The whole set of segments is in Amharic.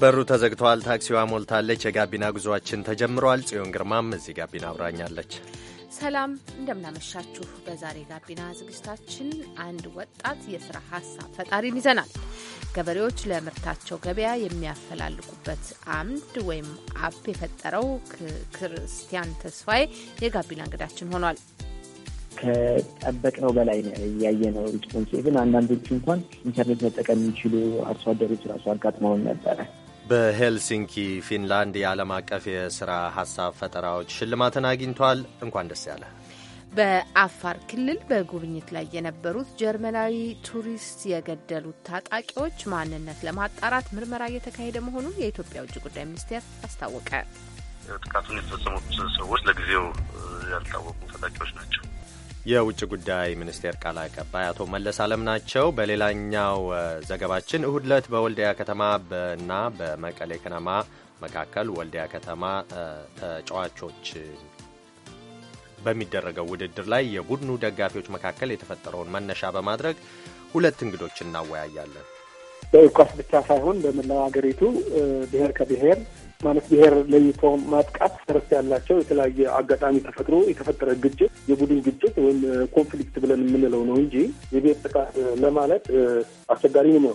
በሩ ተዘግተዋል። ታክሲዋ ሞልታለች። የጋቢና ጉዞአችን ተጀምሯል። ጽዮን ግርማም እዚህ ጋቢና አብራኛለች። ሰላም እንደምናመሻችሁ። በዛሬ ጋቢና ዝግጅታችን አንድ ወጣት የስራ ሀሳብ ፈጣሪን ይዘናል። ገበሬዎች ለምርታቸው ገበያ የሚያፈላልቁበት አምድ ወይም አፕ የፈጠረው ክርስቲያን ተስፋዬ የጋቢና እንግዳችን ሆኗል። ከጠበቅነው በላይ ነው ሪስፖንስ፣ ግን አንዳንዶቹ እንኳን ኢንተርኔት መጠቀም የሚችሉ አርሶ አደሮች ራሱ አጋጥመውን ነበረ። በሄልሲንኪ ፊንላንድ የዓለም አቀፍ የሥራ ሐሳብ ፈጠራዎች ሽልማትን አግኝቷል። እንኳን ደስ ያለ። በአፋር ክልል በጉብኝት ላይ የነበሩት ጀርመናዊ ቱሪስት የገደሉት ታጣቂዎች ማንነት ለማጣራት ምርመራ እየተካሄደ መሆኑን የኢትዮጵያ ውጭ ጉዳይ ሚኒስቴር አስታወቀ። ጥቃቱን የተፈጸሙት ሰዎች ለጊዜው ያልታወቁ ታጣቂዎች ናቸው። የውጭ ጉዳይ ሚኒስቴር ቃል አቀባይ አቶ መለስ አለም ናቸው። በሌላኛው ዘገባችን እሁድ ዕለት በወልዲያ ከተማ እና በመቀሌ ከነማ መካከል ወልዲያ ከተማ ተጫዋቾች በሚደረገው ውድድር ላይ የቡድኑ ደጋፊዎች መካከል የተፈጠረውን መነሻ በማድረግ ሁለት እንግዶች እናወያያለን። በእግር ኳስ ብቻ ሳይሆን በመላው ሀገሪቱ ብሔር ከብሔር ማለት ብሔር ለይቶ ማጥቃት ተረስ ያላቸው የተለያየ አጋጣሚ ተፈጥሮ የተፈጠረ ግጭት የቡድን ግጭት ወይም ኮንፍሊክት ብለን የምንለው ነው እንጂ የቤት ጥቃት ለማለት አስቸጋሪ ነው።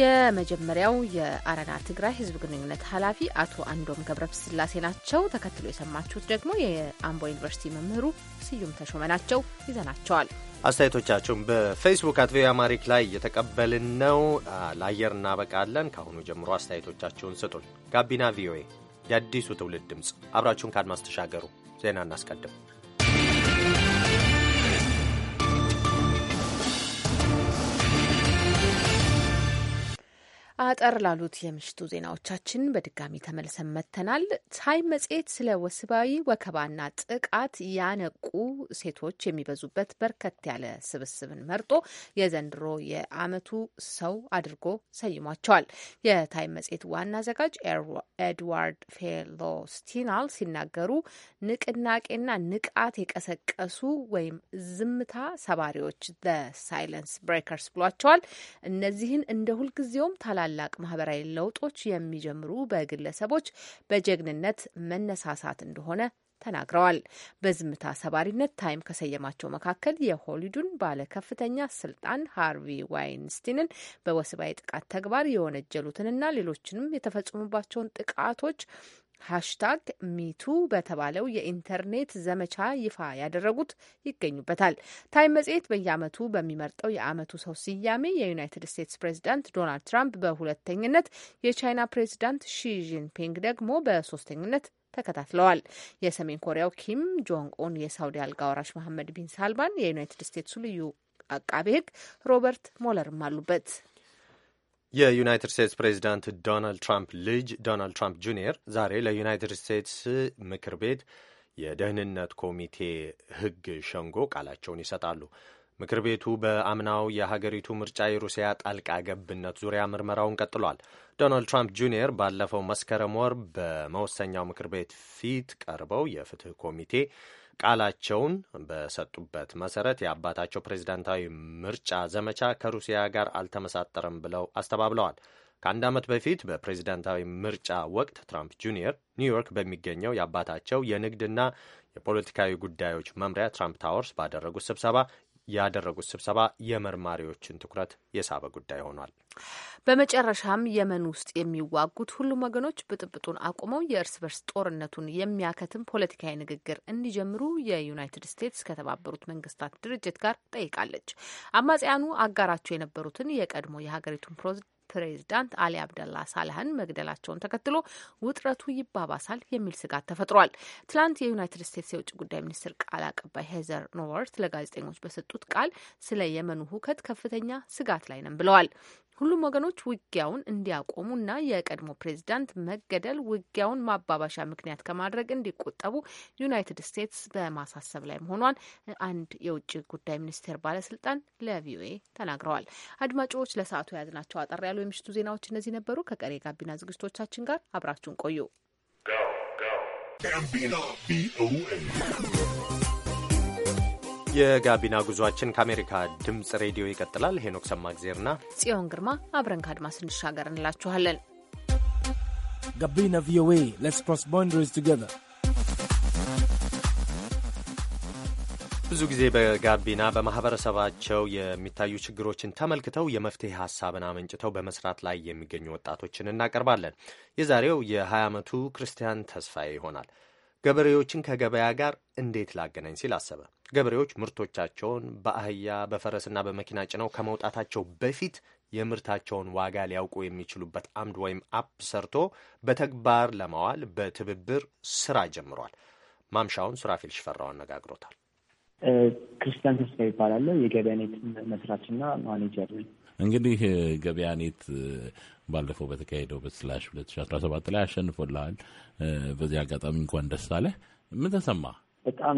የመጀመሪያው የአረና ትግራይ ህዝብ ግንኙነት ኃላፊ አቶ አንዶም ገብረስላሴ ናቸው። ተከትሎ የሰማችሁት ደግሞ የአምቦ ዩኒቨርሲቲ መምህሩ ስዩም ተሾመ ናቸው። ይዘናቸዋል። አስተያየቶቻችሁን በፌስቡክ አት አማሪክ ላይ እየተቀበልን ነው። ለአየር እናበቃለን። ከአሁኑ ጀምሮ አስተያየቶቻችሁን ስጡን። ጋቢና ቪኦኤ የአዲሱ ትውልድ ድምፅ፣ አብራችሁን ከአድማስ ተሻገሩ። ዜና እናስቀድም። አጠር ላሉት የምሽቱ ዜናዎቻችን በድጋሚ ተመልሰን መጥተናል። ታይም መጽሔት ስለ ወሲባዊ ወከባና ጥቃት ያነቁ ሴቶች የሚበዙበት በርከት ያለ ስብስብን መርጦ የዘንድሮ የዓመቱ ሰው አድርጎ ሰይሟቸዋል። የታይም መጽሔት ዋና አዘጋጅ ኤድዋርድ ፌሎስቲናል ሲናገሩ ንቅናቄና ንቃት የቀሰቀሱ ወይም ዝምታ ሰባሪዎች ዘ ሳይለንስ ብሬከርስ ብሏቸዋል። እነዚህን እንደ ሁልጊዜውም ታላ ታላላቅ ማህበራዊ ለውጦች የሚጀምሩ በግለሰቦች በጀግንነት መነሳሳት እንደሆነ ተናግረዋል። በዝምታ ሰባሪነት ታይም ከሰየማቸው መካከል የሆሊዱን ባለከፍተኛ ስልጣን ሃርቪ ዋይንስቲንን በወሲባዊ ጥቃት ተግባር የወነጀሉትንና ሌሎችንም የተፈጸሙባቸውን ጥቃቶች ሃሽታግ ሚቱ በተባለው የኢንተርኔት ዘመቻ ይፋ ያደረጉት ይገኙበታል። ታይም መጽሔት በየዓመቱ በሚመርጠው የዓመቱ ሰው ስያሜ የዩናይትድ ስቴትስ ፕሬዚዳንት ዶናልድ ትራምፕ በሁለተኝነት፣ የቻይና ፕሬዚዳንት ሺ ጂንፒንግ ደግሞ በሶስተኝነት ተከታትለዋል። የሰሜን ኮሪያው ኪም ጆንግ ኡን፣ የሳውዲ አልጋ ወራሽ መሐመድ ቢን ሳልማን፣ የዩናይትድ ስቴትሱ ልዩ አቃቤ ሕግ ሮበርት ሞለርም አሉበት። የዩናይትድ ስቴትስ ፕሬዚዳንት ዶናልድ ትራምፕ ልጅ ዶናልድ ትራምፕ ጁኒየር ዛሬ ለዩናይትድ ስቴትስ ምክር ቤት የደህንነት ኮሚቴ ሕግ ሸንጎ ቃላቸውን ይሰጣሉ። ምክር ቤቱ በአምናው የሀገሪቱ ምርጫ የሩሲያ ጣልቃ ገብነት ዙሪያ ምርመራውን ቀጥሏል። ዶናልድ ትራምፕ ጁኒየር ባለፈው መስከረም ወር በመወሰኛው ምክር ቤት ፊት ቀርበው የፍትህ ኮሚቴ ቃላቸውን በሰጡበት መሰረት የአባታቸው ፕሬዝዳንታዊ ምርጫ ዘመቻ ከሩሲያ ጋር አልተመሳጠረም ብለው አስተባብለዋል። ከአንድ ዓመት በፊት በፕሬዝዳንታዊ ምርጫ ወቅት ትራምፕ ጁኒየር ኒውዮርክ በሚገኘው የአባታቸው የንግድና የፖለቲካዊ ጉዳዮች መምሪያ ትራምፕ ታወርስ ባደረጉት ስብሰባ ያደረጉት ስብሰባ የመርማሪዎችን ትኩረት የሳበ ጉዳይ ሆኗል። በመጨረሻም የመን ውስጥ የሚዋጉት ሁሉም ወገኖች ብጥብጡን አቁመው የእርስ በርስ ጦርነቱን የሚያከትም ፖለቲካዊ ንግግር እንዲጀምሩ የዩናይትድ ስቴትስ ከተባበሩት መንግስታት ድርጅት ጋር ጠይቃለች። አማጽያኑ አጋራቸው የነበሩትን የቀድሞ የሀገሪቱን ፕሬዚዳንት አሊ አብደላ ሳልህን መግደላቸውን ተከትሎ ውጥረቱ ይባባሳል የሚል ስጋት ተፈጥሯል። ትላንት የዩናይትድ ስቴትስ የውጭ ጉዳይ ሚኒስትር ቃል አቀባይ ሄዘር ኖወርት ለጋዜጠኞች በሰጡት ቃል ስለ የመኑ ሁከት ከፍተኛ ስጋት ላይ ነን ብለዋል። ሁሉም ወገኖች ውጊያውን እንዲያቆሙና የቀድሞ ፕሬዚዳንት መገደል ውጊያውን ማባባሻ ምክንያት ከማድረግ እንዲቆጠቡ ዩናይትድ ስቴትስ በማሳሰብ ላይ መሆኗን አንድ የውጭ ጉዳይ ሚኒስቴር ባለስልጣን ለቪኦኤ ተናግረዋል። አድማጮች፣ ለሰዓቱ የያዝናቸው አጠር ያሉ የምሽቱ ዜናዎች እነዚህ ነበሩ። ከቀሪ ጋቢና ዝግጅቶቻችን ጋር አብራችሁን ቆዩ። የጋቢና ጉዟችን ከአሜሪካ ድምፅ ሬዲዮ ይቀጥላል። ሄኖክ ሰማግዜርና ጽዮን ግርማ አብረን ከአድማስ እንሻገር እንላችኋለን። ጋቢና ቪኦኤ ሌትስ ክሮስ ቦንደሪስ ቱጌዘር። ብዙ ጊዜ በጋቢና በማህበረሰባቸው የሚታዩ ችግሮችን ተመልክተው የመፍትሄ ሀሳብን አመንጭተው በመስራት ላይ የሚገኙ ወጣቶችን እናቀርባለን። የዛሬው የ20 ዓመቱ ክርስቲያን ተስፋዬ ይሆናል። ገበሬዎችን ከገበያ ጋር እንዴት ላገናኝ ሲል አሰበ። ገበሬዎች ምርቶቻቸውን በአህያ በፈረስና በመኪና ጭነው ከመውጣታቸው በፊት የምርታቸውን ዋጋ ሊያውቁ የሚችሉበት አምድ ወይም አፕ ሰርቶ በተግባር ለማዋል በትብብር ስራ ጀምሯል። ማምሻውን ሱራፊል ሽፈራው አነጋግሮታል። ክርስቲያን ተስፋ ይባላለሁ። የገበያ ኔት መስራችና ማኔጀር እንግዲህ ገበያኔት ባለፈው በተካሄደው በስላሽ 2017 ላይ አሸንፎልሃል። በዚህ አጋጣሚ እንኳን ደስ አለህ። ምን ተሰማ? በጣም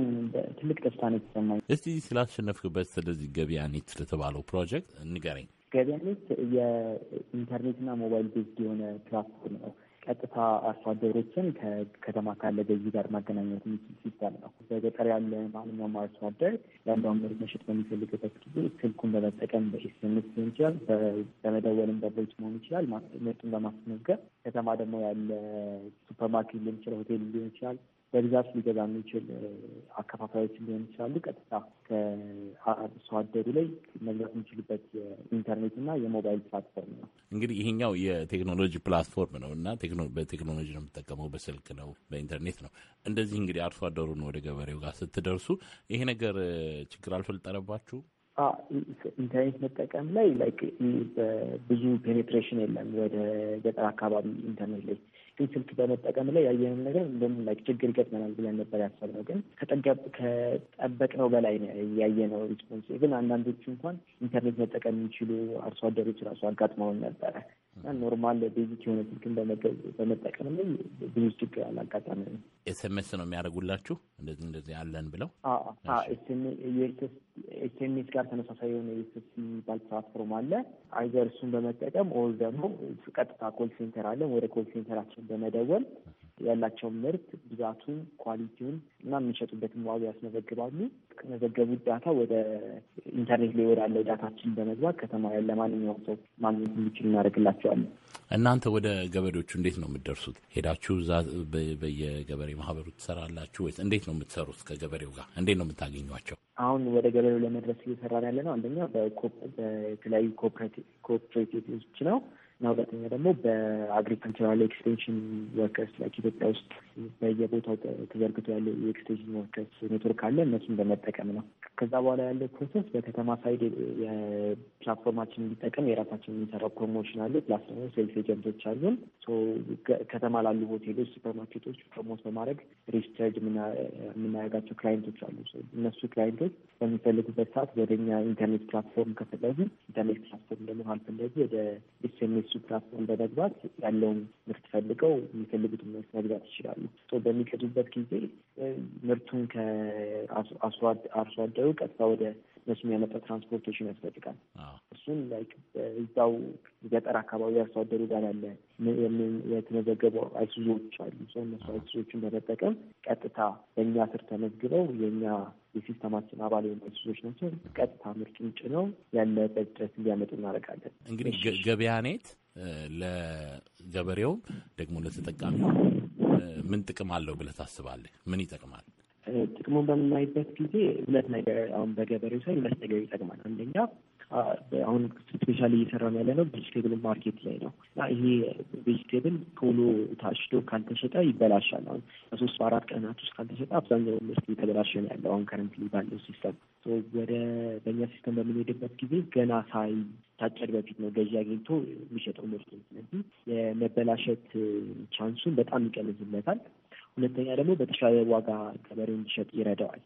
ትልቅ ደስታ ነው የተሰማኝ። እስቲ ስላሸነፍክበት ስለዚህ ገበያኔት ስለተባለው ፕሮጀክት ንገረኝ። ገበያኔት የኢንተርኔትና ሞባይል ቤዝድ የሆነ ፕላትፎርም ነው ቀጥታ አርሶ አደሮችን ከከተማ ካለ ገዢ ጋር ማገናኘት የሚችል ሲስተም ነው። በገጠር ያለ ማንኛውም አርሶ አደር ያለውን ምርት መሸጥ በሚፈልግበት ጊዜ ስልኩን በመጠቀም በኤስኤምኤስ ሊሆን ይችላል፣ በመደወልም በቦይስ መሆን ይችላል ምርቱን በማስመዝገብ ከተማ ደግሞ ያለ ሱፐርማርኬት ሊሆን ይችላል፣ ሆቴል ሊሆን ይችላል በብዛት ሊገዛ የሚችል አከፋፋዮች ሊሆን ይችላሉ። ቀጥታ ከአርሶ አደሩ ላይ መግዛት የሚችልበት የኢንተርኔት እና የሞባይል ፕላትፎርም ነው። እንግዲህ ይሄኛው የቴክኖሎጂ ፕላትፎርም ነው እና በቴክኖሎጂ ነው የምጠቀመው፣ በስልክ ነው፣ በኢንተርኔት ነው። እንደዚህ እንግዲህ አርሶ አደሩን ወደ ገበሬው ጋር ስትደርሱ ይሄ ነገር ችግር አልፈልጠረባችሁ? ኢንተርኔት መጠቀም ላይ ብዙ ፔኔትሬሽን የለም። ወደ ገጠር አካባቢ ኢንተርኔት ላይ ግን ስልክ በመጠቀም ላይ ያየንን ነገር እንደምን ላይ ችግር ይገጥመናል ብለን ነበር ያሰብነው። ግን ከጠበቅነው በላይ ያየነው ሪስፖንስ። ግን አንዳንዶቹ እንኳን ኢንተርኔት መጠቀም የሚችሉ አርሶ አደሮች ራሱ አጋጥመውን ነበረ። ኖርማል ቤዚክ የሆነ ስልክን በመጠቀም ብዙ ችግር አላጋጠመ። ኤስኤምኤስ ነው የሚያደርጉላችሁ እንደዚህ እንደዚህ አለን ብለው ኤስኤምኤስ ጋር ተመሳሳይ የሆነ የኤስኤስ የሚባል ፕላትፎርም አለ። አይዘር እሱን በመጠቀም ኦል ደግሞ ቀጥታ ኮል ሴንተር አለን። ወደ ኮል ሴንተራችን በመደወል ያላቸውን ምርት ብዛቱን፣ ኳሊቲውን እና የምንሸጡበትን ዋጋ ያስመዘግባሉ። ከመዘገቡት ዳታ ወደ ኢንተርኔት ላይ ወዳለው ዳታችን በመግባት ከተማ ያለ ማንኛውም ሰው ማግኘት እንዲችል እናደርግላቸዋለን። እናንተ ወደ ገበሬዎቹ እንዴት ነው የምትደርሱት? ሄዳችሁ እዛ በየገበሬ ማህበሩ ትሰራላችሁ ወይስ እንዴት ነው የምትሰሩት? ከገበሬው ጋር እንዴት ነው የምታገኟቸው? አሁን ወደ ገበሬው ለመድረስ እየሰራን ያለ ነው። አንደኛ በተለያዩ ኮኦፕሬቲቮች ነው እና ሁለተኛ ደግሞ በአግሪካልቸራል ኤክስቴንሽን ወርከርስ ላይ ኢትዮጵያ ውስጥ በየቦታው ተዘርግቶ ያለ የኤክስቴንሽን ወርከርስ ኔትወርክ አለ። እነሱን በመጠቀም ነው። ከዛ በኋላ ያለው ፕሮሰስ በከተማ ሳይድ የፕላትፎርማችን እንዲጠቀም የራሳችን የሚሰራው ፕሮሞሽን አለ። ፕላስ ደግሞ ሴልስ ኤጀንቶች አሉን። ከተማ ላሉ ሆቴሎች፣ ሱፐርማርኬቶች ፕሮሞት በማድረግ ሪቻርጅ የምናደርጋቸው ክላይንቶች አሉ። እነሱ ክላይንቶች በሚፈልጉበት ሰዓት ወደኛ ኢንተርኔት ፕላትፎርም ከፈለጉ ኢንተርኔት ፕላትፎርም ደግሞ ካልፈለጉ ወደ ኤስኤምኤስ እሱ ፕላትፎርም በመግባት ያለውን ምርት ፈልገው የሚፈልጉትን ምርት መግዛት ይችላሉ። በሚገዙበት ጊዜ ምርቱን ከአርሶ አደሩ ቀጥታ ወደ እነሱ የሚያመጣው ትራንስፖርቴሽን ያስፈልጋል። እሱን ላይክ እዛው ገጠር አካባቢ አርሶ አደሩ ጋር ያለ የተመዘገበ አይሱዞች አሉ። ሰው እነሱ አይሱዞችን በመጠቀም ቀጥታ በእኛ ስር ተመዝግበው የእኛ የሲስተማችን አባል የሆኑ አይሱዞች ናቸው። ቀጥታ ምርቱን ጭነው ያለበት ድረስ እንዲያመጡ እናደርጋለን። እንግዲህ ኔት ለገበሬው ደግሞ ለተጠቃሚው ምን ጥቅም አለው ብለህ ታስባለህ? ምን ይጠቅማል? ጥቅሙን በምናይበት ጊዜ ሁለት ነገር አሁን በገበሬው ሳይ ሁለት ነገር ይጠቅማል። አንደኛ አሁን ስፔሻሊ እየሰራ ያለ ነው ቬጅቴብል ማርኬት ላይ ነው እና ይሄ ቬጅቴብል ቶሎ ታሽቶ ካልተሸጠ ይበላሻል። አሁን በሶስት በአራት ቀናት ውስጥ ካልተሸጠ አብዛኛው ምርት እየተበላሸ ነው ያለው አሁን ከረንትሊ ባለው ሲስተም። ወደ በእኛ ሲስተም በምንሄድበት ጊዜ ገና ሳይታጨድ በፊት ነው ገዢ አግኝቶ የሚሸጠው ምርት። ስለዚህ የመበላሸት ቻንሱን በጣም ይቀንስለታል። ሁለተኛ ደግሞ በተሻለ ዋጋ ገበሬው እንዲሸጥ ይረዳዋል።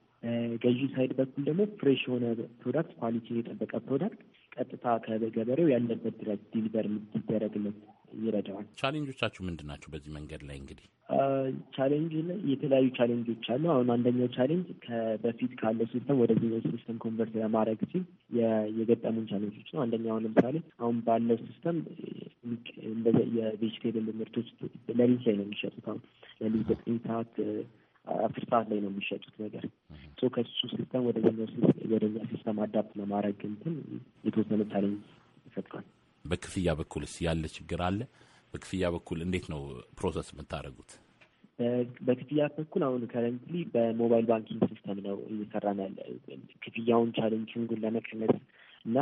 ገዢ ሳይድ በኩል ደግሞ ፍሬሽ የሆነ ፕሮዳክት ኳሊቲ የጠበቀ ፕሮዳክት ቀጥታ ከገበሬው ያለበት ድረስ ዲሊቨር እንዲደረግለት ይረዳዋል። ቻሌንጆቻችሁ ምንድን ናቸው? በዚህ መንገድ ላይ እንግዲህ ቻሌንጅ ላይ የተለያዩ ቻሌንጆች አሉ። አሁን አንደኛው ቻሌንጅ በፊት ካለው ሲስተም ወደዚህኛው ሲስተም ኮንቨርት ለማድረግ ሲል የገጠሙን ቻሌንጆች ነው። አንደኛው ለምሳሌ አሁን ባለው ሲስተም የቬጅቴብል ምርቶች ለሊት ላይ ነው የሚሸጡት። አሁን ለሊት ዘጠኝ ሰዓት አስር ሰዓት ላይ ነው የሚሸጡት ነገር አዳፕ ለማድረግ እንትን የተወሰነ ቻሌንጅ ይፈጥራል። በክፍያ በኩልስ ያለ ችግር አለ? በክፍያ በኩል እንዴት ነው ፕሮሰስ የምታደርጉት? በክፍያ በኩል አሁን ከረንትሊ በሞባይል ባንኪንግ ሲስተም ነው እየሰራን ያለ። ክፍያውን ቻሌንጅንጉን ለመቀነስ እና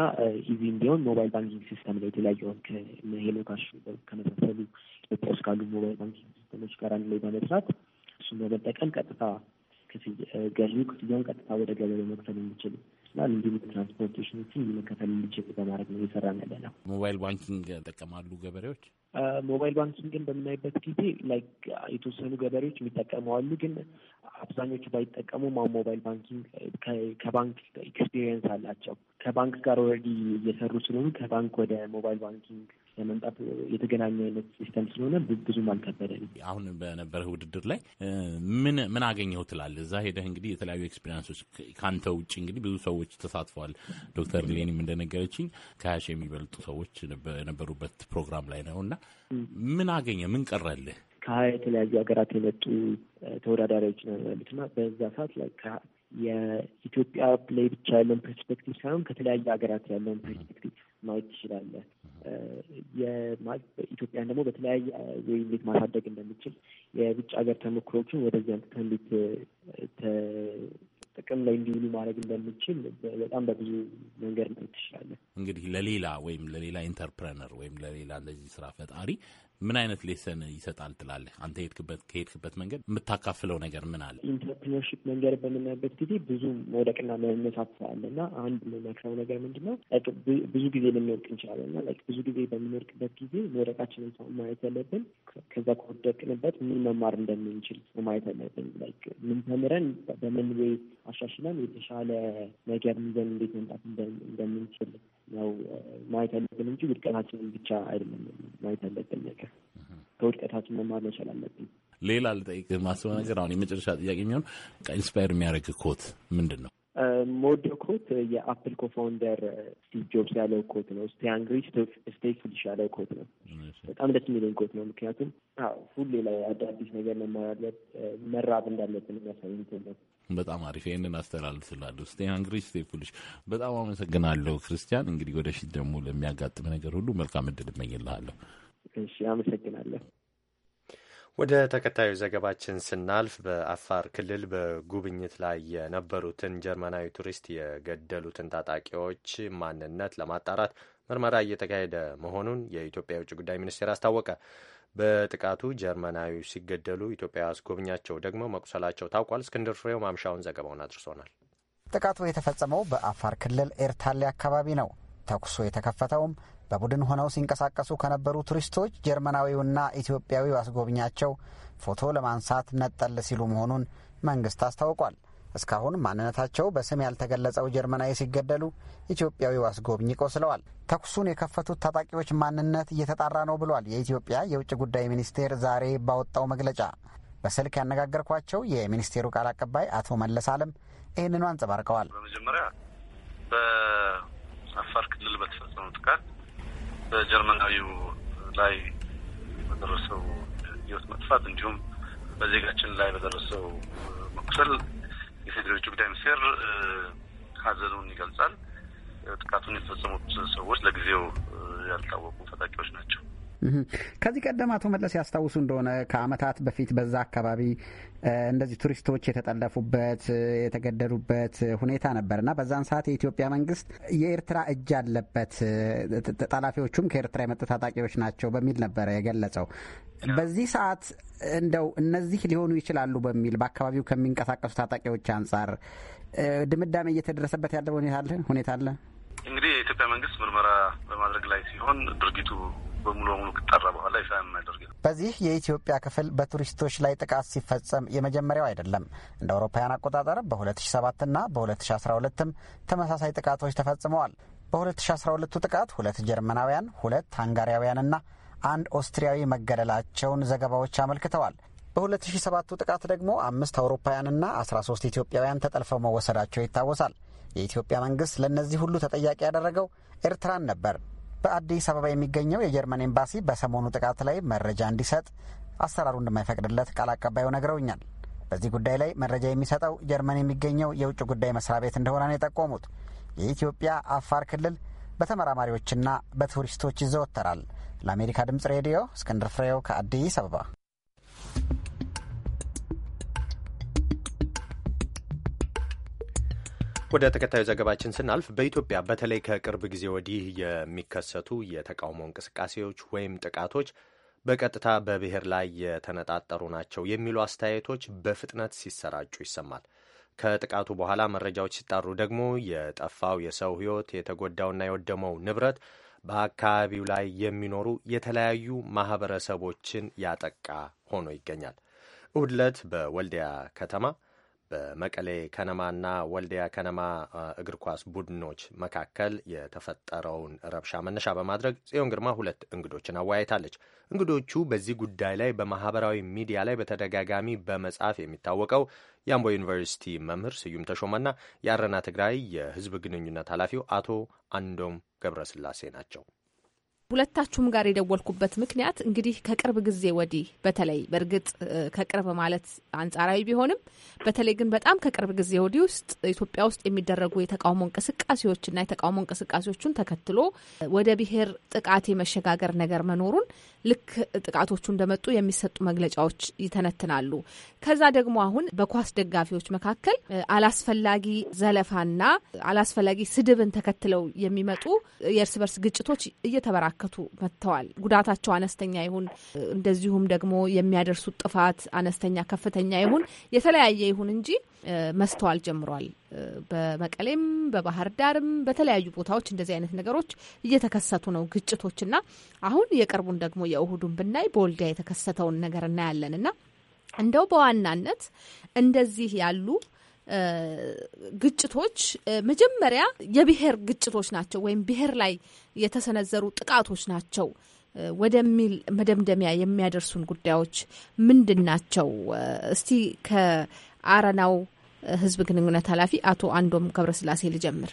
ኢዚ እንዲሆን ሞባይል ባንኪንግ ሲስተም ላይ የተለያዩ ሄሎ ካሽ ከመሳሰሉ ኢትዮጵያ ውስጥ ካሉ ሞባይል ባንኪንግ ሲስተሞች ጋር አንድ ላይ በመስራት እሱን በመጠቀም ቀጥታ ገዢው ክፍያውን ቀጥታ ወደ ገበያ መክፈል የሚችል ይችላል። እንዲሁም ትራንስፖርቴሽኖችን እየመከፈል እንዲችል በማድረግ ነው እየሰራ ያለ ነው። ሞባይል ባንኪንግ ይጠቀማሉ ገበሬዎች። ሞባይል ባንኪንግን በምናይበት ጊዜ ላይክ የተወሰኑ ገበሬዎች የሚጠቀመዋሉ፣ ግን አብዛኞቹ ባይጠቀሙ አሁን ሞባይል ባንኪንግ ከባንክ ኤክስፒሪየንስ አላቸው። ከባንክ ጋር ኦልሬዲ እየሰሩ ስለሆኑ ከባንክ ወደ ሞባይል ባንኪንግ ለመምጣት የተገናኘ አይነት ሲስተም ስለሆነ ብዙም አልከበደም። አሁን በነበረ ውድድር ላይ ምን ምን አገኘው ትላለህ? እዛ ሄደህ እንግዲህ የተለያዩ ኤክስፔሪንሶች ከአንተ ውጭ እንግዲህ ብዙ ሰዎች ተሳትፈዋል። ዶክተር ሌኒም እንደነገረችኝ ከሀያ ሺህ የሚበልጡ ሰዎች የነበሩበት ፕሮግራም ላይ ነው እና ምን አገኘ ምን ቀረልህ? ከሀያ የተለያዩ ሀገራት የመጡ ተወዳዳሪዎች ነው ያሉት እና በዛ ሰዓት የኢትዮጵያ ላይ ብቻ ያለውን ፐርስፔክቲቭ ሳይሆን ከተለያዩ ሀገራት ያለውን ፐርስፔክቲቭ ማየት ትችላለህ። ኢትዮጵያን ደግሞ በተለያየ ወይ እንዴት ማሳደግ እንደምችል የውጭ ሀገር ተሞክሮችን ወደዚያ እንዴት ጥቅም ላይ እንዲውሉ ማድረግ እንደምችል በጣም በብዙ መንገድ ማየት ትችላለህ። እንግዲህ ለሌላ ወይም ለሌላ ኢንተርፕረነር ወይም ለሌላ እንደዚህ ስራ ፈጣሪ ምን አይነት ሌሰን ይሰጣል ትላለህ? አንተ ሄድክበት ከሄድክበት መንገድ የምታካፍለው ነገር ምን አለ? ኢንተርፕሪነርሺፕ መንገድ በምናይበት ጊዜ ብዙ መውደቅና መነሳት አለ እና አንድ የምመክረው ነገር ምንድን ነው፣ ብዙ ጊዜ ልንወድቅ እንችላለን እና ብዙ ጊዜ በምንወድቅበት ጊዜ መውደቃችንን ሰው ማየት ያለብን ከዛ ከወደቅንበት ምን መማር እንደምንችል ማየት ያለብን ምን ተምረን በምን ወይ አሻሽለን የተሻለ ነገር ይዘን እንዴት መምጣት እንደምንችል ያው ማየት ያለብን እንጂ ውድቀታችንን ብቻ አይደለም ማየት ያለብን ነገር ከውድቀታችን መማር መቻል አለብን። ሌላ ልጠይቅ ማስበው ነገር አሁን የመጨረሻ ጥያቄ የሚሆን ኢንስፓየር የሚያደርግ ኮት ምንድን ነው? የምወደው ኮት የአፕል ኮፋውንደር ስቲቭ ጆብስ ያለው ኮት ነው። ስቴይ አንግሪ ስቴይ ፉሊሽ ያለው ኮት ነው። በጣም ደስ የሚለኝ ኮት ነው። ምክንያቱም ሁሌ ላይ አዳዲስ ነገር መማራለት መራብ እንዳለብን የሚያሳይ ነው። በጣም አሪፍ ይህንን አስተላልፍላለሁ። ስቴ አንግሪ ስቴ ፉሊሽ። በጣም አመሰግናለሁ ክርስቲያን። እንግዲህ ወደፊት ደግሞ ለሚያጋጥም ነገር ሁሉ መልካም እድል እመኝልሃለሁ። እሺ አመሰግናለሁ። ወደ ተከታዩ ዘገባችን ስናልፍ በአፋር ክልል በጉብኝት ላይ የነበሩትን ጀርመናዊ ቱሪስት የገደሉትን ታጣቂዎች ማንነት ለማጣራት ምርመራ እየተካሄደ መሆኑን የኢትዮጵያ የውጭ ጉዳይ ሚኒስቴር አስታወቀ። በጥቃቱ ጀርመናዊ ሲገደሉ ኢትዮጵያ አስጎብኛቸው ደግሞ መቁሰላቸው ታውቋል። እስክንድር ፍሬው ማምሻውን ዘገባውን አድርሶናል። ጥቃቱ የተፈጸመው በአፋር ክልል ኤርታሌ አካባቢ ነው። ተኩሶ የተከፈተውም በቡድን ሆነው ሲንቀሳቀሱ ከነበሩ ቱሪስቶች ጀርመናዊውና ኢትዮጵያዊው አስጎብኛቸው ፎቶ ለማንሳት ነጠል ሲሉ መሆኑን መንግስት አስታውቋል። እስካሁን ማንነታቸው በስም ያልተገለጸው ጀርመናዊ ሲገደሉ፣ ኢትዮጵያዊው አስጎብኝ ቆስለዋል። ተኩሱን የከፈቱት ታጣቂዎች ማንነት እየተጣራ ነው ብሏል የኢትዮጵያ የውጭ ጉዳይ ሚኒስቴር ዛሬ ባወጣው መግለጫ። በስልክ ያነጋገርኳቸው የሚኒስቴሩ ቃል አቀባይ አቶ መለስ አለም ይህንኑ አንጸባርቀዋል። በመጀመሪያ በአፋር ክልል በተፈጸመው ጥቃት በጀርመናዊው ላይ በደረሰው ህይወት መጥፋት እንዲሁም በዜጋችን ላይ በደረሰው መቁሰል የፌዴራል ውጭ ጉዳይ ሚኒስቴር ሀዘኑን ይገልጻል። ጥቃቱን የተፈጸሙት ሰዎች ለጊዜው ያልታወቁ ታጣቂዎች ናቸው። ከዚህ ቀደም አቶ መለስ ያስታውሱ እንደሆነ ከአመታት በፊት በዛ አካባቢ እንደዚህ ቱሪስቶች የተጠለፉበት የተገደሉበት ሁኔታ ነበር እና በዛን ሰዓት የኢትዮጵያ መንግስት የኤርትራ እጅ አለበት፣ ጠላፊዎቹም ከኤርትራ የመጡ ታጣቂዎች ናቸው በሚል ነበረ የገለጸው። በዚህ ሰዓት እንደው እነዚህ ሊሆኑ ይችላሉ በሚል በአካባቢው ከሚንቀሳቀሱ ታጣቂዎች አንጻር ድምዳሜ እየተደረሰበት ያለው ሁኔታ አለ። እንግዲህ የኢትዮጵያ መንግስት ምርመራ በማድረግ ላይ ሲሆን ድርጊቱ በሙሉ በሙሉ ከጠራ በኋላ ይፋ የማያደርግ ነው። በዚህ የኢትዮጵያ ክፍል በቱሪስቶች ላይ ጥቃት ሲፈጸም የመጀመሪያው አይደለም። እንደ አውሮፓውያን አቆጣጠር በ2007 ና በ2012ም ተመሳሳይ ጥቃቶች ተፈጽመዋል። በ2012ቱ ጥቃት ሁለት ጀርመናውያን፣ ሁለት ሃንጋሪያውያንና አንድ ኦስትሪያዊ መገደላቸውን ዘገባዎች አመልክተዋል። በ2007ቱ ጥቃት ደግሞ አምስት አውሮፓውያንና 13 ኢትዮጵያውያን ተጠልፈው መወሰዳቸው ይታወሳል። የኢትዮጵያ መንግስት ለእነዚህ ሁሉ ተጠያቂ ያደረገው ኤርትራን ነበር። በአዲስ አበባ የሚገኘው የጀርመን ኤምባሲ በሰሞኑ ጥቃት ላይ መረጃ እንዲሰጥ አሰራሩ እንደማይፈቅድለት ቃል አቀባዩ ነግረውኛል። በዚህ ጉዳይ ላይ መረጃ የሚሰጠው ጀርመን የሚገኘው የውጭ ጉዳይ መስሪያ ቤት እንደሆነ ነው የጠቆሙት። የኢትዮጵያ አፋር ክልል በተመራማሪዎችና በቱሪስቶች ይዘወተራል። ለአሜሪካ ድምጽ ሬዲዮ እስክንድር ፍሬው ከአዲስ አበባ ወደ ተከታዩ ዘገባችን ስናልፍ በኢትዮጵያ በተለይ ከቅርብ ጊዜ ወዲህ የሚከሰቱ የተቃውሞ እንቅስቃሴዎች ወይም ጥቃቶች በቀጥታ በብሔር ላይ የተነጣጠሩ ናቸው የሚሉ አስተያየቶች በፍጥነት ሲሰራጩ ይሰማል። ከጥቃቱ በኋላ መረጃዎች ሲጣሩ ደግሞ የጠፋው የሰው ሕይወት የተጎዳውና የወደመው ንብረት በአካባቢው ላይ የሚኖሩ የተለያዩ ማህበረሰቦችን ያጠቃ ሆኖ ይገኛል። እሁድ ዕለት በወልዲያ ከተማ በመቀሌ ከነማና ወልዲያ ከነማ እግር ኳስ ቡድኖች መካከል የተፈጠረውን ረብሻ መነሻ በማድረግ ጽዮን ግርማ ሁለት እንግዶችን አወያይታለች። እንግዶቹ በዚህ ጉዳይ ላይ በማህበራዊ ሚዲያ ላይ በተደጋጋሚ በመጻፍ የሚታወቀው የአምቦ ዩኒቨርሲቲ መምህር ስዩም ተሾመና የአረና ትግራይ የህዝብ ግንኙነት ኃላፊው አቶ አንዶም ገብረስላሴ ናቸው። ሁለታችሁም ጋር የደወልኩበት ምክንያት እንግዲህ ከቅርብ ጊዜ ወዲህ በተለይ በእርግጥ ከቅርብ ማለት አንጻራዊ ቢሆንም በተለይ ግን በጣም ከቅርብ ጊዜ ወዲህ ውስጥ ኢትዮጵያ ውስጥ የሚደረጉ የተቃውሞ እንቅስቃሴዎችና የተቃውሞ እንቅስቃሴዎቹን ተከትሎ ወደ ብሔር ጥቃት የመሸጋገር ነገር መኖሩን ልክ ጥቃቶቹ እንደመጡ የሚሰጡ መግለጫዎች ይተነትናሉ። ከዛ ደግሞ አሁን በኳስ ደጋፊዎች መካከል አላስፈላጊ ዘለፋና አላስፈላጊ ስድብን ተከትለው የሚመጡ የእርስ በርስ ግጭቶች እየተበራከቱ መጥተዋል። ጉዳታቸው አነስተኛ ይሁን እንደዚሁም ደግሞ የሚያደርሱት ጥፋት አነስተኛ ከፍተኛ ይሁን የተለያየ ይሁን እንጂ መስተዋል ጀምሯል። በመቀሌም በባህር ዳርም በተለያዩ ቦታዎች እንደዚህ አይነት ነገሮች እየተከሰቱ ነው ግጭቶችና አሁን የቅርቡን ደግሞ የእሁዱን ብናይ በወልዲያ የተከሰተውን ነገር እናያለን እና እንደው በዋናነት እንደዚህ ያሉ ግጭቶች መጀመሪያ የብሔር ግጭቶች ናቸው ወይም ብሔር ላይ የተሰነዘሩ ጥቃቶች ናቸው ወደሚል መደምደሚያ የሚያደርሱን ጉዳዮች ምንድን ናቸው? እስቲ ከአረናው ህዝብ ግንኙነት ኃላፊ አቶ አንዶም ገብረስላሴ ልጀምር።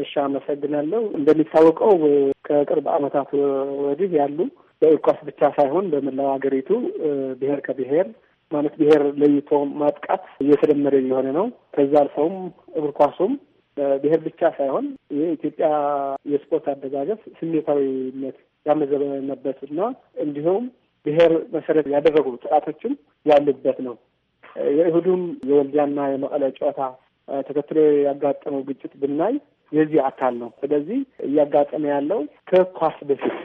እሺ፣ አመሰግናለሁ። እንደሚታወቀው ከቅርብ ዓመታት ወዲህ ያሉ በእግር ኳስ ብቻ ሳይሆን በመላው ሀገሪቱ ብሔር ከብሔር ማለት ብሔር ለይቶ ማጥቃት እየተደመደ እየሆነ ነው። ከዛ አልፈውም እግር ኳሱም ብሔር ብቻ ሳይሆን የኢትዮጵያ የስፖርት አደጋገፍ ስሜታዊነት ያመዘበነበት እና እንዲሁም ብሔር መሰረት ያደረጉ ጥቃቶችም ያሉበት ነው። የእሁዱም የወልዲያና የመቀለ ጨዋታ ተከትሎ ያጋጠመው ግጭት ብናይ የዚህ አካል ነው። ስለዚህ እያጋጠመ ያለው ከኳስ በፊት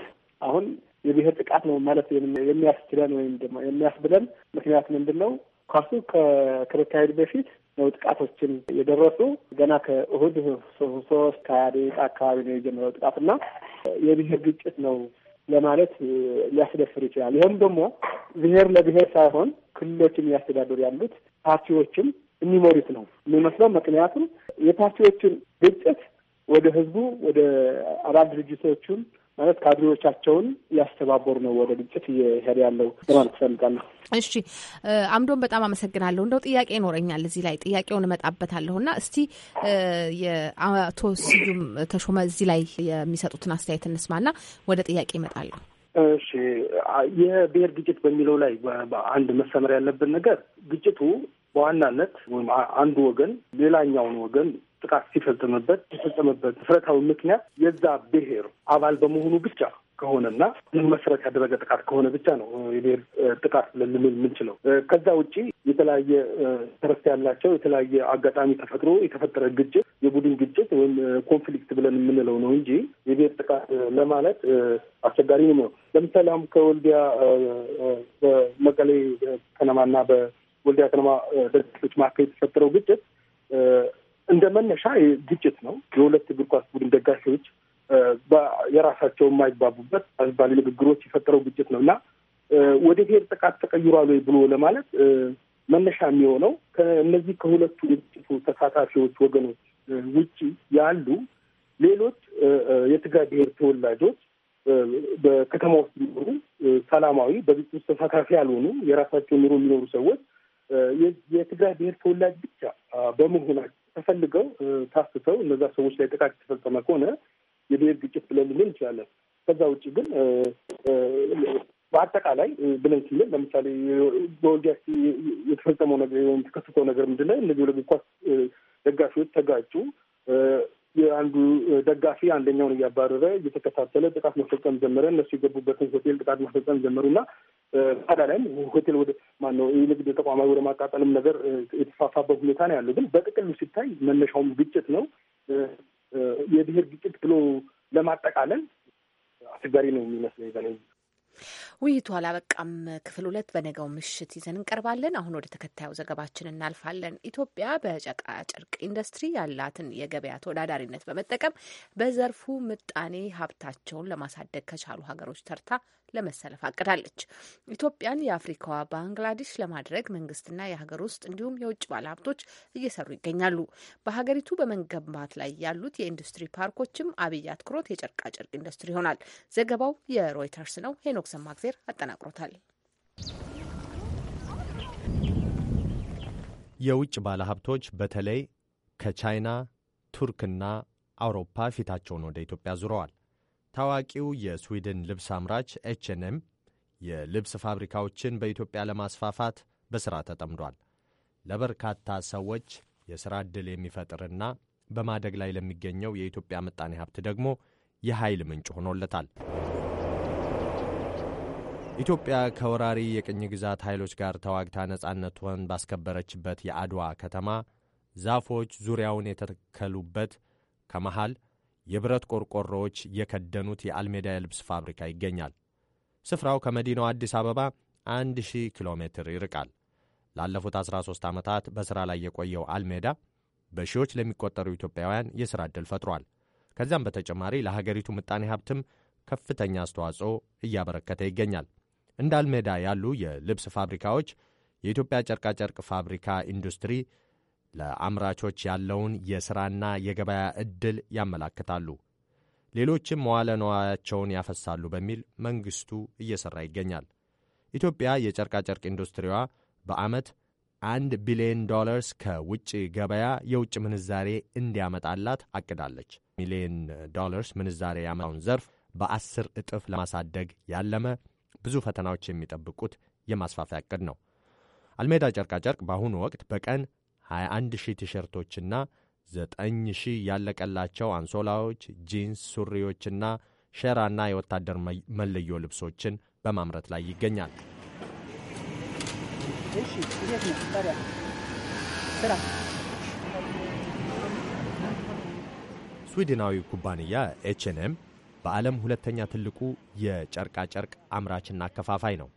አሁን የብሔር ጥቃት ነው ማለት የሚያስችለን ወይም ደግሞ የሚያስብለን ምክንያት ምንድን ነው? ኳሱ ከክርካሄድ በፊት ነው ጥቃቶችን የደረሱ ገና ከእሁድ ሶስት ከኢዴቅ አካባቢ ነው የጀመረው ጥቃት እና የብሔር ግጭት ነው ለማለት ሊያስደፍር ይችላል። ይህም ደግሞ ብሔር ለብሔር ሳይሆን ክልሎችን እያስተዳደሩ ያሉት ፓርቲዎችም የሚመሩት ነው የሚመስለው። ምክንያቱም የፓርቲዎችን ግጭት ወደ ህዝቡ ወደ አባል ድርጅቶቹን ማለት ካድሬዎቻቸውን እያስተባበሩ ነው ወደ ግጭት እየሄደ ያለው ለማለት እፈልጋለሁ። እሺ አምዶን በጣም አመሰግናለሁ። እንደው ጥያቄ ይኖረኛል እዚህ ላይ ጥያቄውን እመጣበታለሁ እና እስቲ የአቶ ስዩም ተሾመ እዚህ ላይ የሚሰጡትን አስተያየት እንስማና ወደ ጥያቄ ይመጣለሁ። እሺ የብሔር ግጭት በሚለው ላይ አንድ መሰመር ያለብን ነገር ግጭቱ በዋናነት ወይም አንዱ ወገን ሌላኛውን ወገን ጥቃት ሲፈጸምበት የፈጸመበት መሰረታዊ ምክንያት የዛ ብሔር አባል በመሆኑ ብቻ ከሆነና መሰረት ያደረገ ጥቃት ከሆነ ብቻ ነው የብሔር ጥቃት ብለን ልንል የምንችለው። ከዛ ውጪ የተለያየ ተረስ ያላቸው የተለያየ አጋጣሚ ተፈጥሮ የተፈጠረ ግጭት፣ የቡድን ግጭት ወይም ኮንፍሊክት ብለን የምንለው ነው እንጂ የብሔር ጥቃት ለማለት አስቸጋሪ ነው። ለምሳሌ አሁን ከወልዲያ በመቀሌ ከነማና በወልዲያ ከነማ ደጋፊዎች መካከል የተፈጠረው ግጭት እንደ መነሻ ግጭት ነው። የሁለት እግር ኳስ ቡድን ደጋፊዎች የራሳቸው የማይግባቡበት አዝባሊ ንግግሮች የፈጠረው ግጭት ነው እና ወደ ብሔር ጥቃት ተቀይሯል ወይ ብሎ ለማለት መነሻ የሚሆነው ከእነዚህ ከሁለቱ የግጭቱ ተሳታፊዎች ወገኖች ውጭ ያሉ ሌሎች የትግራይ ብሔር ተወላጆች በከተማ ውስጥ የሚኖሩ ሰላማዊ፣ በግጭት ውስጥ ተሳታፊ ያልሆኑ የራሳቸው ኑሮ የሚኖሩ ሰዎች የትግራይ ብሔር ተወላጅ ብቻ በመሆናቸው ተፈልገው ታስተው እነዛ ሰዎች ላይ ጥቃት የተፈጸመ ከሆነ የብሄር ግጭት ብለን ልንል እንችላለን። ከዛ ውጭ ግን በአጠቃላይ ብለን ስንል ለምሳሌ በወልዲያ የተፈጸመው ነገር ወይም የተከሰተው ነገር ምንድን ነው? እነዚህ ሁለት ኳስ ደጋፊዎች ተጋጩ። የአንዱ ደጋፊ አንደኛውን እያባረረ እየተከታተለ ጥቃት መፈጸም ጀመረ። እነሱ የገቡበትን ሆቴል ጥቃት ማስፈጸም ጀመሩና ታዳ ላይም ሆቴል ወደ ማነው የንግድ ተቋማዊ ወደ ማቃጠልም ነገር የተስፋፋበት ሁኔታ ነው ያለው። ግን በጥቅሉ ሲታይ መነሻውም ግጭት ነው። የብሔር ግጭት ብሎ ለማጠቃለል አስቸጋሪ ነው የሚመስለው። ውይይቱ አላበቃም። ክፍል ሁለት በነገው ምሽት ይዘን እንቀርባለን። አሁን ወደ ተከታዩ ዘገባችን እናልፋለን። ኢትዮጵያ ጨርቅ ኢንዱስትሪ ያላትን የገበያ ተወዳዳሪነት በመጠቀም በዘርፉ ምጣኔ ሀብታቸውን ለማሳደግ ከቻሉ ሀገሮች ተርታ ለመሰለፍ አቅዳለች። ኢትዮጵያን የአፍሪካዋ ባንግላዴሽ ለማድረግ መንግስትና የሀገር ውስጥ እንዲሁም የውጭ ባለሀብቶች እየሰሩ ይገኛሉ። በሀገሪቱ በመገንባት ላይ ያሉት የኢንዱስትሪ ፓርኮችም አብይ አትኩሮት የጨርቃጨርቅ ኢንዱስትሪ ይሆናል። ዘገባው የሮይተርስ ነው። ሄኖክ ሰማግዜ አስቴር አጠናቅሮታል። የውጭ ባለሀብቶች በተለይ ከቻይና ቱርክና አውሮፓ ፊታቸውን ወደ ኢትዮጵያ ዙረዋል። ታዋቂው የስዊድን ልብስ አምራች ኤች የልብስ ፋብሪካዎችን በኢትዮጵያ ለማስፋፋት በሥራ ተጠምዷል። ለበርካታ ሰዎች የሥራ ዕድል የሚፈጥርና በማደግ ላይ ለሚገኘው የኢትዮጵያ ምጣኔ ሀብት ደግሞ የኃይል ምንጭ ሆኖለታል። ኢትዮጵያ ከወራሪ የቅኝ ግዛት ኃይሎች ጋር ተዋግታ ነጻነቷን ባስከበረችበት የአድዋ ከተማ ዛፎች ዙሪያውን የተተከሉበት ከመሃል የብረት ቆርቆሮዎች የከደኑት የአልሜዳ የልብስ ፋብሪካ ይገኛል። ስፍራው ከመዲናው አዲስ አበባ 1000 ኪሎ ሜትር ይርቃል። ላለፉት 13 ዓመታት በሥራ ላይ የቆየው አልሜዳ በሺዎች ለሚቆጠሩ ኢትዮጵያውያን የሥራ ዕድል ፈጥሯል። ከዚያም በተጨማሪ ለሀገሪቱ ምጣኔ ሀብትም ከፍተኛ አስተዋጽኦ እያበረከተ ይገኛል። እንዳልሜዳ ያሉ የልብስ ፋብሪካዎች የኢትዮጵያ ጨርቃጨርቅ ፋብሪካ ኢንዱስትሪ ለአምራቾች ያለውን የሥራና የገበያ ዕድል ያመላክታሉ። ሌሎችም መዋለ ነዋያቸውን ያፈሳሉ በሚል መንግሥቱ እየሠራ ይገኛል። ኢትዮጵያ የጨርቃጨርቅ ኢንዱስትሪዋ በዓመት አንድ ቢሊዮን ዶላርስ ከውጭ ገበያ የውጭ ምንዛሬ እንዲያመጣላት አቅዳለች። ሚሊዮን ዶላርስ ምንዛሬ ያመጣውን ዘርፍ በአስር እጥፍ ለማሳደግ ያለመ ብዙ ፈተናዎች የሚጠብቁት የማስፋፊያ እቅድ ነው። አልሜዳ ጨርቃጨርቅ በአሁኑ ወቅት በቀን 21 ሺህ ቲሸርቶችና 9 ሺህ ያለቀላቸው አንሶላዎች፣ ጂንስ ሱሪዎችና ሸራና የወታደር መለዮ ልብሶችን በማምረት ላይ ይገኛል። ስዊድናዊ ኩባንያ ኤችኤንኤም በዓለም ሁለተኛ ትልቁ የጨርቃጨርቅ አምራችና አከፋፋይ ነው።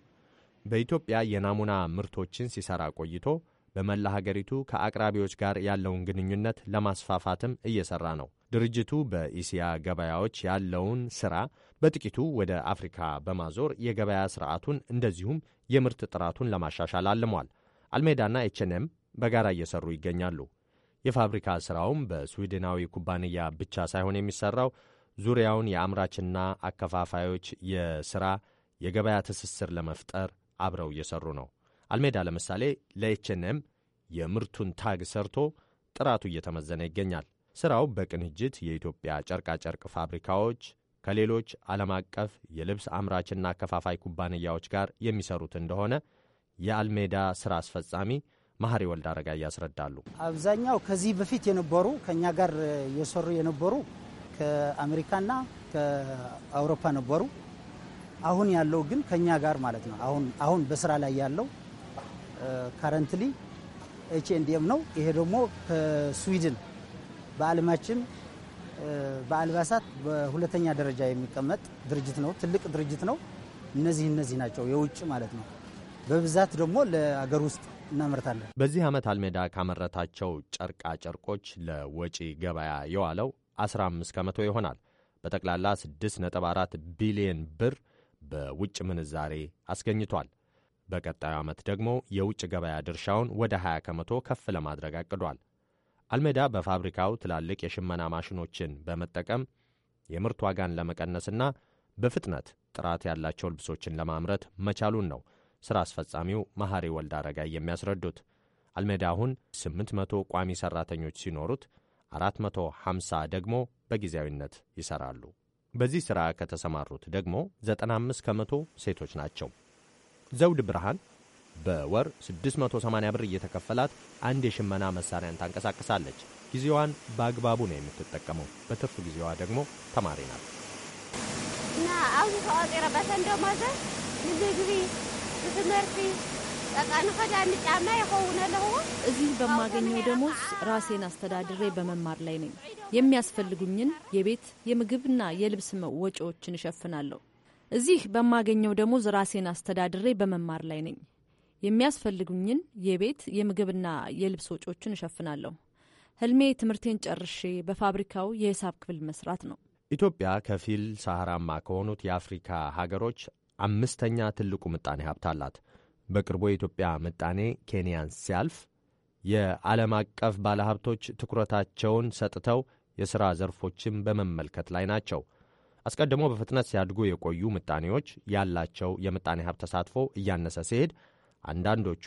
በኢትዮጵያ የናሙና ምርቶችን ሲሰራ ቆይቶ በመላ ሀገሪቱ ከአቅራቢዎች ጋር ያለውን ግንኙነት ለማስፋፋትም እየሰራ ነው። ድርጅቱ በኢሲያ ገበያዎች ያለውን ስራ በጥቂቱ ወደ አፍሪካ በማዞር የገበያ ስርዓቱን እንደዚሁም የምርት ጥራቱን ለማሻሻል አልሟል። አልሜዳና ኤችኤንኤም በጋራ እየሰሩ ይገኛሉ። የፋብሪካ ስራውም በስዊድናዊ ኩባንያ ብቻ ሳይሆን የሚሰራው ዙሪያውን የአምራችና አከፋፋዮች የሥራ የገበያ ትስስር ለመፍጠር አብረው እየሠሩ ነው። አልሜዳ ለምሳሌ ለኤችንም የምርቱን ታግ ሰርቶ ጥራቱ እየተመዘነ ይገኛል። ሥራው በቅንጅት የኢትዮጵያ ጨርቃጨርቅ ፋብሪካዎች ከሌሎች ዓለም አቀፍ የልብስ አምራችና አከፋፋይ ኩባንያዎች ጋር የሚሰሩት እንደሆነ የአልሜዳ ሥራ አስፈጻሚ መሐሪ ወልድ አረጋ ያስረዳሉ። አብዛኛው ከዚህ በፊት የነበሩ ከእኛ ጋር የሰሩ የነበሩ ከአሜሪካና ከአውሮፓ ነበሩ። አሁን ያለው ግን ከኛ ጋር ማለት ነው። አሁን አሁን በስራ ላይ ያለው ካረንትሊ ኤች ኤንድ ኤም ነው። ይሄ ደግሞ ከስዊድን በዓለማችን በአልባሳት በሁለተኛ ደረጃ የሚቀመጥ ድርጅት ነው። ትልቅ ድርጅት ነው። እነዚህ እነዚህ ናቸው የውጭ ማለት ነው። በብዛት ደግሞ ለአገር ውስጥ እናመርታለን። በዚህ ዓመት አልሜዳ ካመረታቸው ጨርቃ ጨርቆች ለወጪ ገበያ የዋለው 15 ከመቶ ይሆናል። በጠቅላላ 6.4 ቢሊየን ብር በውጭ ምንዛሬ አስገኝቷል። በቀጣዩ ዓመት ደግሞ የውጭ ገበያ ድርሻውን ወደ 20 ከመቶ ከፍ ለማድረግ አቅዷል። አልሜዳ በፋብሪካው ትላልቅ የሽመና ማሽኖችን በመጠቀም የምርት ዋጋን ለመቀነስና በፍጥነት ጥራት ያላቸው ልብሶችን ለማምረት መቻሉን ነው ሥራ አስፈጻሚው መሐሪ ወልድ አረጋይ የሚያስረዱት። አልሜዳ አሁን 800 ቋሚ ሠራተኞች ሲኖሩት 450 ደግሞ በጊዜያዊነት ይሰራሉ። በዚህ ሥራ ከተሰማሩት ደግሞ 95 ከመቶ ሴቶች ናቸው። ዘውድ ብርሃን በወር 680 ብር እየተከፈላት አንድ የሽመና መሣሪያን ታንቀሳቅሳለች። ጊዜዋን በአግባቡ ነው የምትጠቀመው። በትርፍ ጊዜዋ ደግሞ ተማሪ ናት። እና አሁን ከዋጤረ በሰንዶ ማዘ ትምህርቲ እዚህ በማገኘው ደሞዝ ራሴን አስተዳድሬ በመማር ላይ ነኝ። የሚያስፈልጉኝን የቤት የምግብና የልብስ ወጪዎችን እሸፍናለሁ። እዚህ በማገኘው ደሞዝ ራሴን አስተዳድሬ በመማር ላይ ነኝ። የሚያስፈልጉኝን የቤት የምግብና የልብስ ወጪዎችን እሸፍናለሁ። ህልሜ ትምህርቴን ጨርሼ በፋብሪካው የሂሳብ ክፍል መስራት ነው። ኢትዮጵያ ከፊል ሳህራማ ከሆኑት የአፍሪካ ሀገሮች አምስተኛ ትልቁ ምጣኔ ሀብት አላት። በቅርቡ የኢትዮጵያ ምጣኔ ኬንያን ሲያልፍ የዓለም አቀፍ ባለሀብቶች ትኩረታቸውን ሰጥተው የሥራ ዘርፎችን በመመልከት ላይ ናቸው። አስቀድሞ በፍጥነት ሲያድጉ የቆዩ ምጣኔዎች ያላቸው የምጣኔ ሀብት ተሳትፎ እያነሰ ሲሄድ፣ አንዳንዶቹ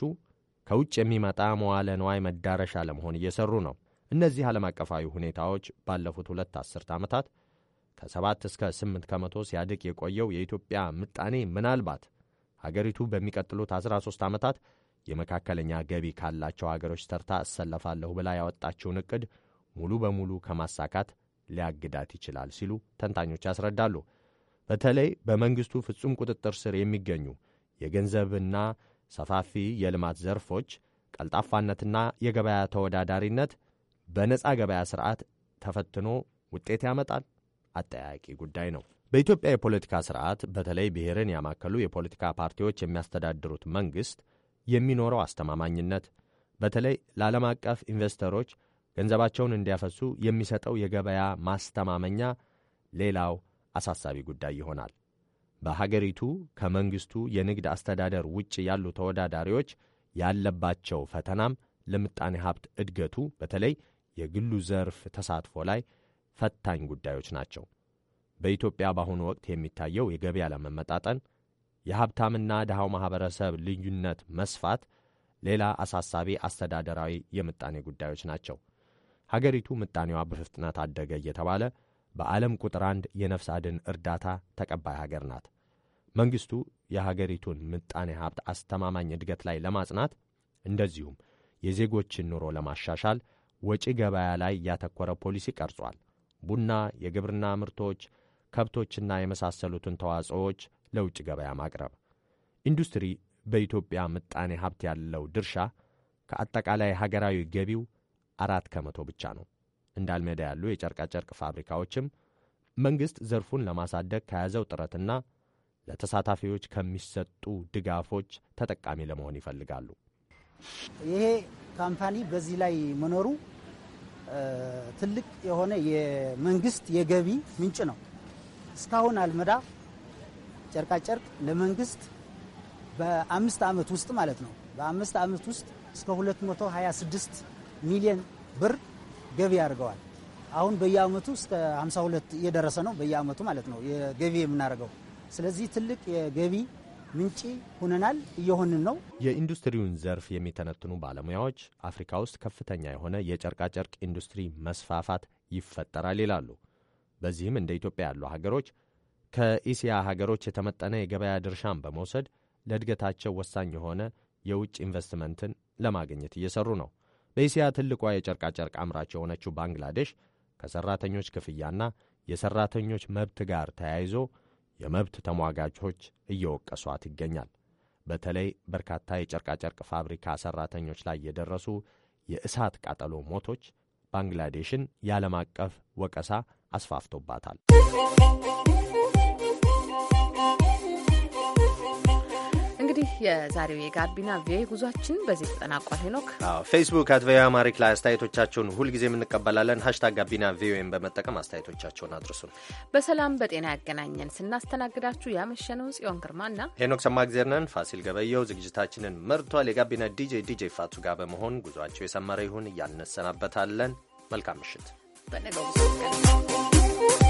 ከውጭ የሚመጣ መዋለ ንዋይ መዳረሻ ለመሆን እየሰሩ ነው። እነዚህ ዓለም አቀፋዊ ሁኔታዎች ባለፉት ሁለት አስርት ዓመታት ከሰባት እስከ ስምንት ከመቶ ሲያድግ የቆየው የኢትዮጵያ ምጣኔ ምናልባት ሀገሪቱ በሚቀጥሉት 13 ዓመታት የመካከለኛ ገቢ ካላቸው ሀገሮች ተርታ እሰለፋለሁ ብላ ያወጣችውን እቅድ ሙሉ በሙሉ ከማሳካት ሊያግዳት ይችላል ሲሉ ተንታኞች ያስረዳሉ። በተለይ በመንግሥቱ ፍጹም ቁጥጥር ስር የሚገኙ የገንዘብና ሰፋፊ የልማት ዘርፎች ቀልጣፋነትና የገበያ ተወዳዳሪነት በነፃ ገበያ ሥርዓት ተፈትኖ ውጤት ያመጣል? አጠያቂ ጉዳይ ነው። በኢትዮጵያ የፖለቲካ ስርዓት በተለይ ብሔርን ያማከሉ የፖለቲካ ፓርቲዎች የሚያስተዳድሩት መንግሥት የሚኖረው አስተማማኝነት በተለይ ለዓለም አቀፍ ኢንቨስተሮች ገንዘባቸውን እንዲያፈሱ የሚሰጠው የገበያ ማስተማመኛ ሌላው አሳሳቢ ጉዳይ ይሆናል። በሀገሪቱ ከመንግሥቱ የንግድ አስተዳደር ውጭ ያሉ ተወዳዳሪዎች ያለባቸው ፈተናም ለምጣኔ ሀብት እድገቱ በተለይ የግሉ ዘርፍ ተሳትፎ ላይ ፈታኝ ጉዳዮች ናቸው። በኢትዮጵያ በአሁኑ ወቅት የሚታየው የገበያ ለመመጣጠን፣ የሀብታምና ድሃው ማኅበረሰብ ልዩነት መስፋት ሌላ አሳሳቢ አስተዳደራዊ የምጣኔ ጉዳዮች ናቸው። ሀገሪቱ ምጣኔዋ በፍጥነት አደገ እየተባለ በዓለም ቁጥር አንድ የነፍስ አድን እርዳታ ተቀባይ ሀገር ናት። መንግሥቱ የሀገሪቱን ምጣኔ ሀብት አስተማማኝ እድገት ላይ ለማጽናት እንደዚሁም የዜጎችን ኑሮ ለማሻሻል ወጪ ገበያ ላይ ያተኮረ ፖሊሲ ቀርጿል። ቡና፣ የግብርና ምርቶች፣ ከብቶችና የመሳሰሉትን ተዋጽኦዎች ለውጭ ገበያ ማቅረብ። ኢንዱስትሪ በኢትዮጵያ ምጣኔ ሀብት ያለው ድርሻ ከአጠቃላይ ሀገራዊ ገቢው አራት ከመቶ ብቻ ነው። እንደ አልሜዳ ያሉ የጨርቃጨርቅ ፋብሪካዎችም መንግሥት ዘርፉን ለማሳደግ ከያዘው ጥረትና ለተሳታፊዎች ከሚሰጡ ድጋፎች ተጠቃሚ ለመሆን ይፈልጋሉ። ይሄ ካምፓኒ በዚህ ላይ መኖሩ ትልቅ የሆነ የመንግስት የገቢ ምንጭ ነው። እስካሁን አልመዳ ጨርቃጨርቅ ለመንግስት በአምስት ዓመት ውስጥ ማለት ነው በአምስት ዓመት ውስጥ እስከ 226 ሚሊዮን ብር ገቢ አድርገዋል። አሁን በየአመቱ እስከ 52 እየደረሰ ነው፣ በየአመቱ ማለት ነው የገቢ የምናደርገው። ስለዚህ ትልቅ የገቢ ምንጭ ሆነናል፣ እየሆንን ነው። የኢንዱስትሪውን ዘርፍ የሚተነትኑ ባለሙያዎች አፍሪካ ውስጥ ከፍተኛ የሆነ የጨርቃጨርቅ ኢንዱስትሪ መስፋፋት ይፈጠራል ይላሉ። በዚህም እንደ ኢትዮጵያ ያሉ ሀገሮች ከኢሲያ ሀገሮች የተመጠነ የገበያ ድርሻን በመውሰድ ለእድገታቸው ወሳኝ የሆነ የውጭ ኢንቨስትመንትን ለማግኘት እየሰሩ ነው። በኢሲያ ትልቋ የጨርቃጨርቅ አምራች የሆነችው ባንግላዴሽ ከሠራተኞች ክፍያና የሠራተኞች መብት ጋር ተያይዞ የመብት ተሟጋቾች እየወቀሷት ይገኛል። በተለይ በርካታ የጨርቃጨርቅ ፋብሪካ ሠራተኞች ላይ የደረሱ የእሳት ቃጠሎ ሞቶች ባንግላዴሽን የዓለም አቀፍ ወቀሳ አስፋፍቶባታል። እንግዲህ የዛሬው የጋቢና ቪኦኤ ጉዟችን በዚህ ተጠናቋል። ሄኖክ ፌስቡክ አት ቪኦኤ አማሪክ ላይ አስተያየቶቻቸውን ሁልጊዜም እንቀበላለን። ሀሽታግ ጋቢና ቪኦኤን በመጠቀም አስተያየቶቻቸውን አድርሱን። በሰላም በጤና ያገናኘን። ስናስተናግዳችሁ ያመሸነው ጽዮን ና ሄኖክ ሰማእግዜር ፋሲል ገበየው ዝግጅታችንን መርቷል። የጋቢና ዲጄ ዲጄ ፋቱ ጋር በመሆን ጉዟቸው የሰመረ ይሁን እያነሰናበታለን። መልካም ምሽት። vẫn là đủ